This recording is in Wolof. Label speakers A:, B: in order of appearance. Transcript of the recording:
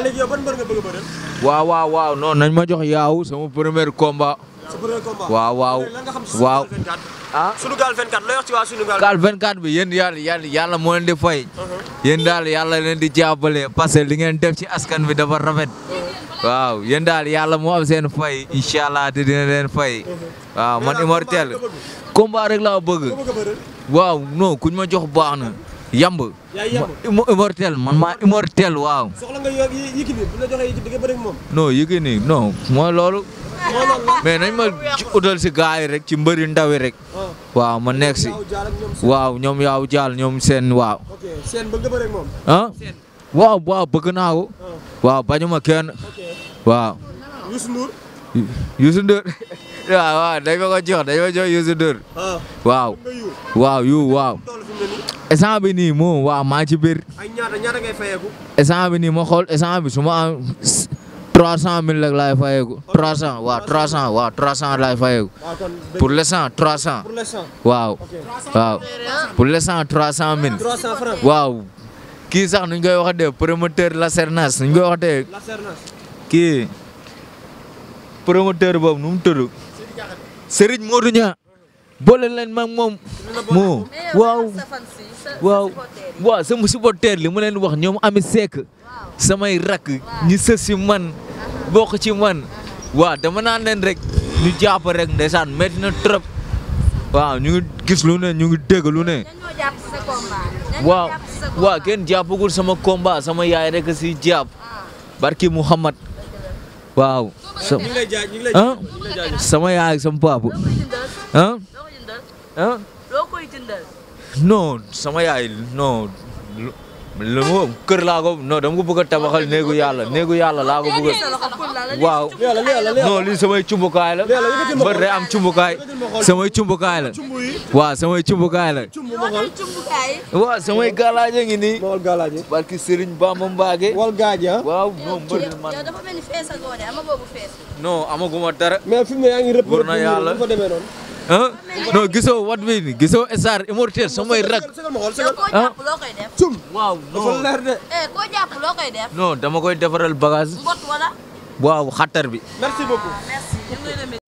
A: waaw léegi yow ban mbër waaw waaw nañ ma jox yaaw sama premier combat. sa premier combat waaw waaw. waaw ah. sunu gaal 24 lay wax ci waa sunu gaal yàlla yàlla yàlla moo leen fay. Uh-huh. yéen daal yàlla leen di jàppale parce que li ngeen def ci askan bi dafa rafet. waaw yéen daal yàlla moo am seen fay incha allah te fay. Uh-huh. waaw man immortel combat rek laa bëgg. waaw non kuñ ma jox na. yamb. immortel man maa waaw. soxla nga Yékini bu la joxee nañ ma utal si gars yi rek ci mbëri ndaw yi rek. Ah. waaw ma nekk si. waaw ñoom yaaw jaal ñoom seen waaw. ok seen ah? waaw waaw bëgg ah. waaw bañu ma kenn. waaw. Youssou Ndour. Youssou Ndour. waaw. waaw yu waaw. essence bi nii moom waaw maa ci biir. ay ñaata ñaata ngay fayeeku. essence bi nii ma xool essence bi su ma am 300000 rek laay fayeeku. 300 waaw 300 waaw 300 laay fayeeku. pour l'instant 300. pour l'instant waaw. waaw pour l'instant 300000. 300 francs waaw. kii sax nuñ koy waxatee promoteur Lacernas nuñ koy waxatee. Lacernas kii promoteur boobu nu mu tudd. boole leen ma moom. moo waaw waaw waaw li mu leen wax ñoom Ami Seck samay rakk ñi sës si man uh-huh. bokk ci man uh-huh. waaw dama naan leen rek ñu jàpp rek ndeysaan métti na trop waaw ñu ngi lu ne ñu ngi dégg lu ne. waaw waaw kenn jàppagul sama komba sama yaay rek si jàpp ah. barki Muhammad waaw. Ah? sama yaay ak sama ah. ah. loo koy jëndal. non sama yaay non lu ma kër laa ko non dama ko bëgg a tabaxal néegu yàlla néegu yàlla laa ko bëgg a. waaw non lii samay cumbukaay la mbër day am cumbukaay samay cumbukaay la waaw samay cumbukaay la. waaw samay gaalaaje ngi nii. barki Serigne Bamba Mbaage. Ah. waaw non mbër man non amaguma dara. mais fi mu ne yaa ngi rëpp rëpp fa demee noonu. ah non gisoo wat bi ni gisoo star immortel samay rak waaw eh, non dama koy defaral bagage mbot wala waaw xattar bi